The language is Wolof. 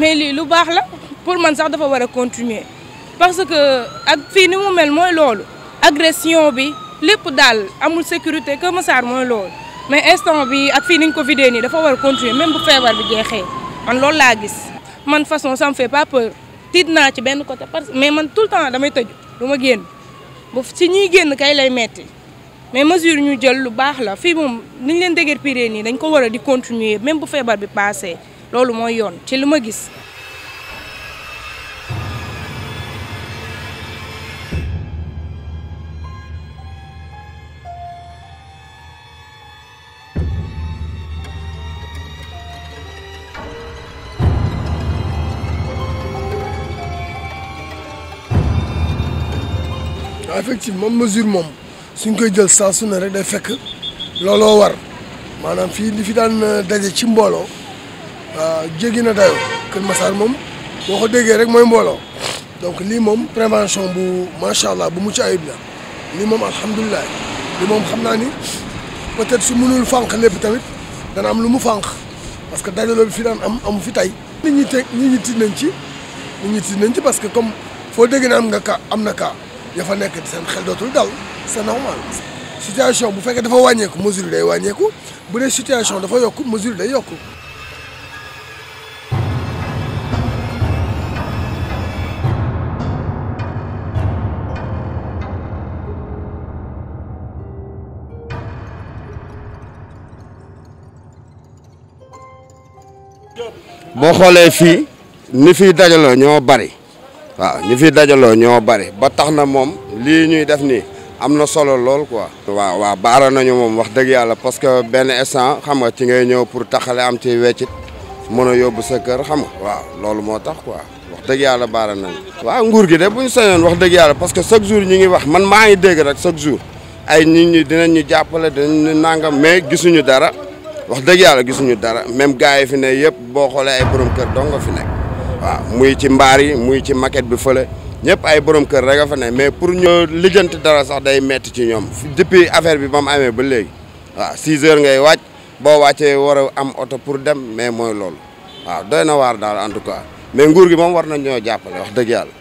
mais lii lu bax la pour man sax dafa wara continuer parce que ak fi ni mu mel moy lolu agression bi lepp dal amul sécurité Kër Massar moy lolu mais instant bi ak fi ni ko vidéo ni dafa wara continuer même bu feebar bi jeexee man lolu la gis man façon ça me fait pas peur tiit naa ci ben côté parce mais man tout le temps damay tëju du ma bu ci ñi génn kay lay metti mais mesure ñu jël lu bax la fi moom niñ leen dëgër piree ni dañ ko wara di continuer même bu feebar bi passé loolu mooy yoon ci li ma gis. Ah, effectivement mesure moom suñ koy jël saa su rek day fekk looloo war maanaam fii li fi daan eh, daje ci mbooloo. jéggi na dayoo Kër Massar moom boo ko déggee rek mooy mbooloo donc lii moom prévention bu macha allah bu mucc ayib la lii moom alhamdulilah lii moom xam naa ni peut-être su mënul fànq lépp tamit dana am lu mu fànq parce que dajaloo bi fi daan am amu fi tey. nit ñi teg nit ñi nañ ci nit ñi nañ ci parce que comme foo dégg ne nga cas am na cas ya fa nekk seen xel dootul dal c'est normal. situation bu fekkee dafa wàññeeku mesure day wàññeeku bu dee situation dafa yokk mesure day yokk. boo xoolee fii ni fiy dajaloo ñoo bari waaw ñi fiy dajaloo ñoo bari ba tax na moom lii ñuy def nii am na solo lool quoi. waaw waa baara nañu moom wax dëgg yàlla parce que benn instant xam nga ci ngay ñëw pour taxale am ci weccit mën a yóbbu sa kër xam waaw loolu moo tax quoi wax dëgg yàlla baara nañu waa nguur gi de bu ñu sañoon wax dëgg yàlla parce que chaque jour ñi ngi wax man maa ngi dégg rek chaque jour ay nit ñi dinañ ñu jàppale dinañ ñu mais gisuñu dara. wax dëgg yàlla gisuñu dara même gars yi fi ne yëpp boo xoolee ay borom kër dong fi nekk waaw muy ci mbaar yi muy ci maquette bi fële ñëpp ay borom kër rek a fa ne mais pour ñëw lijjanti dara sax day metti ci ñoom depuis affaire bi ba mu amee ba léegi waaw 6 heures ngay wàcc boo wàccee war am oto pour dem mais mooy loolu waaw doy na waar daal en tout cas mais nguur gi moom war nañ ñoo jàppale wax dëgg yàlla.